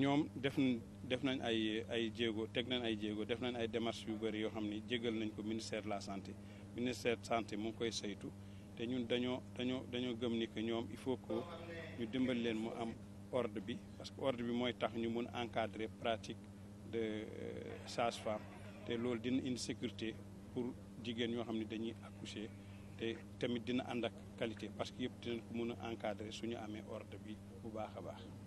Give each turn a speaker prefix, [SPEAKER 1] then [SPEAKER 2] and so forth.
[SPEAKER 1] ñoom def def nañ ay ay jéego teg nañ ay jéego def nañ ay démarches yu bari yoo xam ni jégal nañ ko ministère la santé ministère de mu koy saytu te ñun dañoo dañoo dañoo gëm ni que ñoom il faut que ñu dimbali leen mu am ordre bi parce que ordre bi mooy tax ñu mun encadrer pratique de euh, sage-femme te loolu dina indi sécurité pour jigéen ñoo xam ne dañuy accoucher te tamit dina ànd ak qualité parce que yëpp dinañ ko mun a encadrer suñu amee orde bi bu baax a baax.